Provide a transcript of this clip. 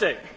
Leipzig.